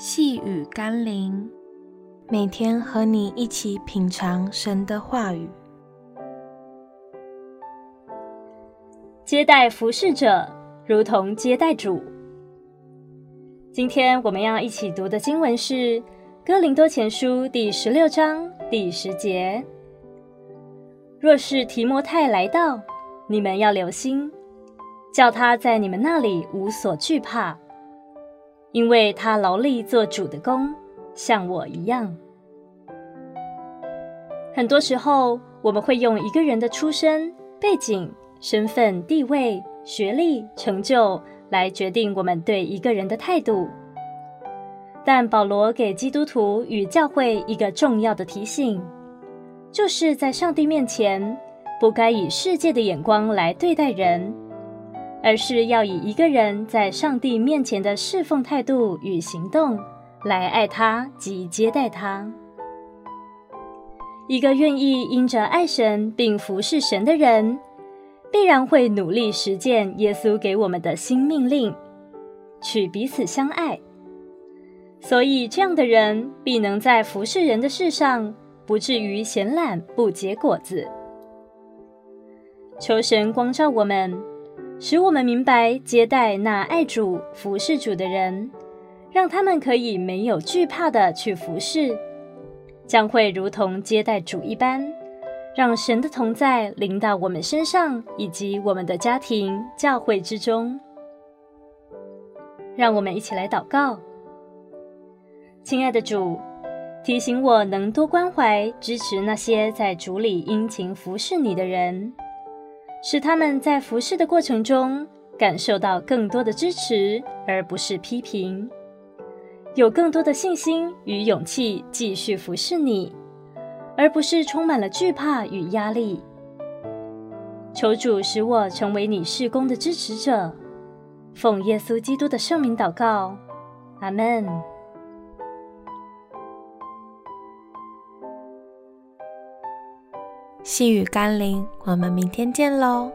細語甘霖，每天和你一起品嚐神的話語，接待服侍者如同接待主。今天我們要一起讀的經文是《哥林多前書》第十六章第十節：“若是提摩太來到，你們要留心，叫他在你們那裡無所懼怕。”因為他勞力做主的工，像我一樣。很多時候，我們會用一個人的出身、背景、身份、地位、學歷、成就來決定我們對一個人的態度。但保羅給基督徒與教會一個重要的提醒，就是在上帝面前，不該以世界的眼光來對待人。而是要以一個人在上帝面前的侍奉態度與行動來愛他及接待他。一個願意因着愛神並服侍神的人，必然會努力實踐耶穌給我們的新命令，去彼此相愛。所以，這樣的人必能在服侍人的事上，不至於閒懶不結果子。求神光照我們。使我們明白，接待那愛主、服侍主的人，讓他們可以沒有懼怕的去服侍，將會如同接待主一般，讓神的同在臨到我們身上，以及我們的家庭、教會之中。讓我們一起來禱告。親愛的主，提醒我能多關懷、支持那些在主裡殷勤服侍你的人。使他們在服侍的過程中，感受到更多的支持，而不是批評，有更多的信心與勇氣繼續服侍你，而不是充滿了懼怕與壓力。求主使我成為你事工的支持者，奉耶穌基督的聖名禱告，阿門。細語甘霖，我們明天見嘍。